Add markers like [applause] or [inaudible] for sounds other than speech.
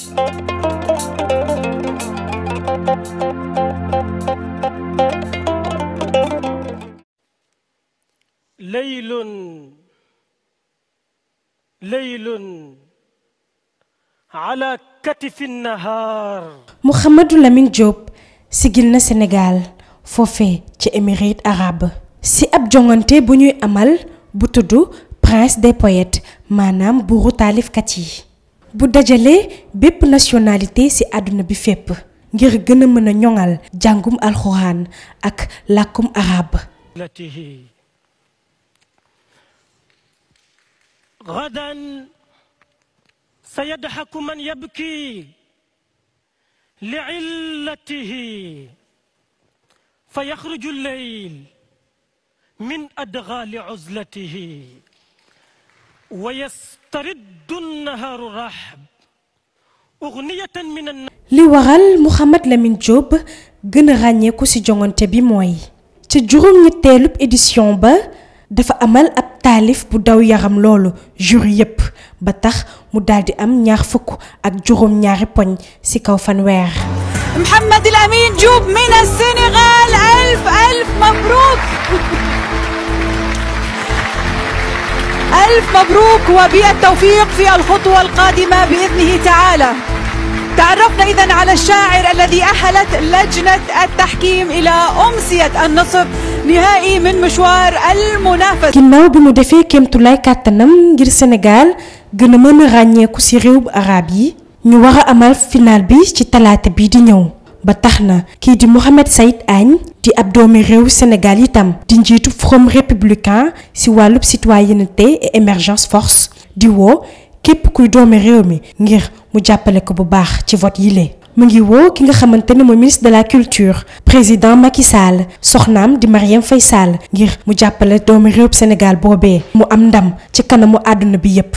ليل ليل على كتف النهار Mouhamadou Lamine Diop sigil na Sénégal foofee ci Émirats arabes si ab jongante bu ñuy amal bu tudd prince des poètes maanaam buuru taalifkat yi bu dajalee bépp nationalité ci àdduna bi fépp ngir gën a mën a ñoŋal jàngum alxuraan ak làkkum arab gadan sayadhaku man yabki li'illatihi fa yaxruju lleyl min adgaali uzlatihi wa النهار رحب أغنية من الن... لوغال محمد لمن جوب غن غانيه كو سي جونغونتي موي تي جوروم نيتيلوب با دا فا امال اب تاليف بو داو يارام لولو ام نياخ فوك اك جوروم نياري محمد الامين جوب من السنغال الف الف مبروك [laughs] ألف مبروك وبالتوفيق في الخطوة القادمة بإذنه تعالى تعرفنا إذا على الشاعر الذي أحلت لجنة التحكيم إلى أمسية النصب نهائي من مشوار المنافسة ginnaaw bi كم defee kéemtulaay جير سنغال Sénégal غانيكو a mën a أمال فينال réew bu arab yi ba tax na Mohamed Saïd Agne di ab Sénégal itam di républicain si wàllub citoyenneté et émergence force di woo képp kuy doomi réew mi ngir mu jàppale ko bu baax ci vote yile ki nga ministre de la culture président Macky Sall soxnaam di ngir mu jàppale Sénégal boobee mu am ndam ci kanamu àdduna bi yépp